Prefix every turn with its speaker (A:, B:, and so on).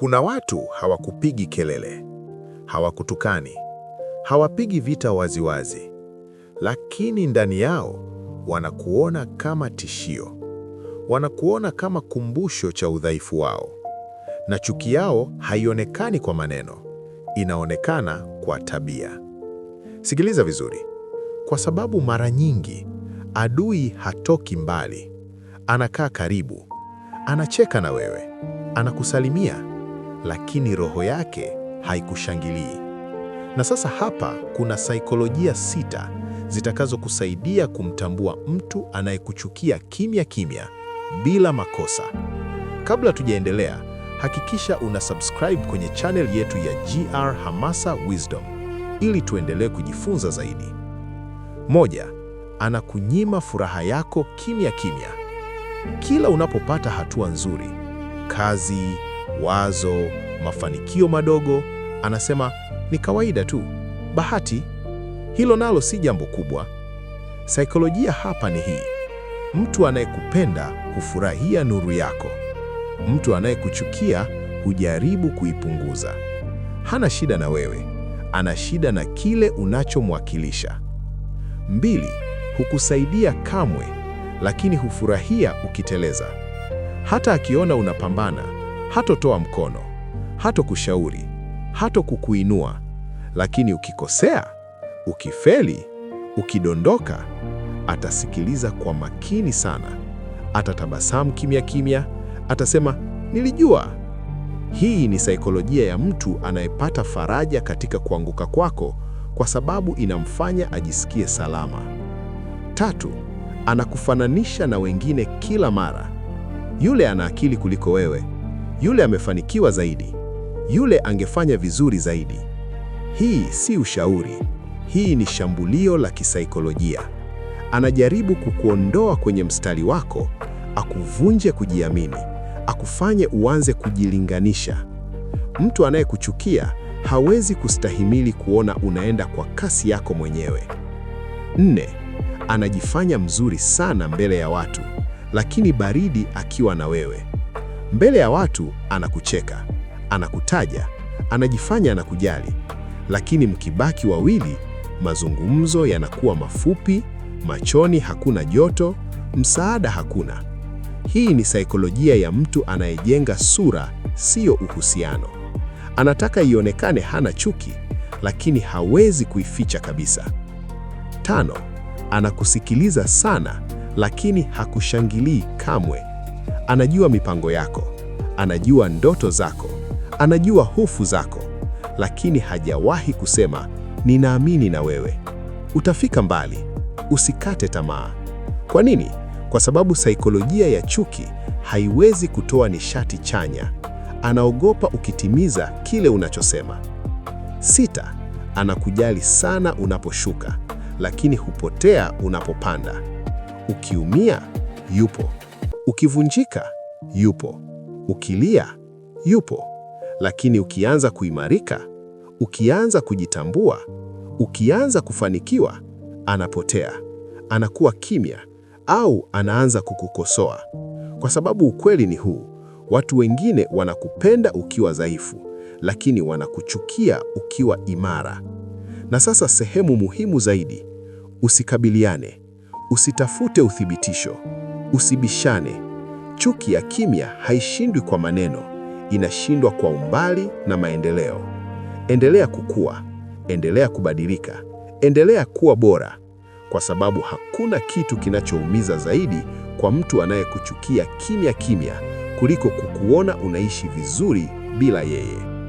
A: Kuna watu hawakupigi kelele, hawakutukani, hawapigi vita waziwazi wazi, lakini ndani yao wanakuona kama tishio, wanakuona kama kumbusho cha udhaifu wao, na chuki yao haionekani kwa maneno, inaonekana kwa tabia. Sikiliza vizuri, kwa sababu mara nyingi adui hatoki mbali, anakaa karibu, anacheka na wewe, anakusalimia lakini roho yake haikushangilii. Na sasa hapa kuna saikolojia sita zitakazokusaidia kumtambua mtu anayekuchukia kimya kimya bila makosa. Kabla tujaendelea, hakikisha una subscribe kwenye channel yetu ya GR Hamasa Wisdom ili tuendelee kujifunza zaidi. Moja, anakunyima furaha yako kimya kimya. Kila unapopata hatua nzuri, kazi, wazo, mafanikio madogo, anasema ni kawaida tu, bahati. Hilo nalo si jambo kubwa. Saikolojia hapa ni hii: mtu anayekupenda hufurahia nuru yako, mtu anayekuchukia hujaribu kuipunguza. Hana shida na wewe, ana shida na kile unachomwakilisha. Mbili, hukusaidia kamwe, lakini hufurahia ukiteleza. Hata akiona unapambana hatotoa mkono, hatokushauri, hatokukuinua. Lakini ukikosea, ukifeli, ukidondoka, atasikiliza kwa makini sana, atatabasamu kimya kimya, atasema nilijua. Hii ni saikolojia ya mtu anayepata faraja katika kuanguka kwako, kwa sababu inamfanya ajisikie salama. Tatu, anakufananisha na wengine kila mara. Yule ana akili kuliko wewe yule amefanikiwa zaidi, yule angefanya vizuri zaidi. Hii si ushauri, hii ni shambulio la kisaikolojia. Anajaribu kukuondoa kwenye mstari wako, akuvunje kujiamini, akufanye uanze kujilinganisha. Mtu anayekuchukia hawezi kustahimili kuona unaenda kwa kasi yako mwenyewe. Nne, anajifanya mzuri sana mbele ya watu, lakini baridi akiwa na wewe. Mbele ya watu anakucheka, anakutaja, anajifanya anakujali, lakini mkibaki wawili, mazungumzo yanakuwa mafupi, machoni hakuna joto, msaada hakuna. Hii ni saikolojia ya mtu anayejenga sura, siyo uhusiano. Anataka ionekane hana chuki, lakini hawezi kuificha kabisa. Tano, anakusikiliza sana, lakini hakushangilii kamwe. Anajua mipango yako, anajua ndoto zako, anajua hofu zako, lakini hajawahi kusema ninaamini na wewe utafika mbali, usikate tamaa. Kwa nini? Kwa sababu saikolojia ya chuki haiwezi kutoa nishati chanya. Anaogopa ukitimiza kile unachosema. Sita, anakujali sana unaposhuka, lakini hupotea unapopanda. Ukiumia, yupo. Ukivunjika yupo, ukilia yupo, lakini ukianza kuimarika, ukianza kujitambua, ukianza kufanikiwa, anapotea, anakuwa kimya au anaanza kukukosoa, kwa sababu ukweli ni huu: watu wengine wanakupenda ukiwa dhaifu, lakini wanakuchukia ukiwa imara. Na sasa sehemu muhimu zaidi, usikabiliane, usitafute uthibitisho. Usibishane. Chuki ya kimya haishindwi kwa maneno, inashindwa kwa umbali na maendeleo. Endelea kukua, endelea kubadilika, endelea kuwa bora, kwa sababu hakuna kitu kinachoumiza zaidi kwa mtu anayekuchukia kimya kimya kuliko kukuona unaishi vizuri bila yeye.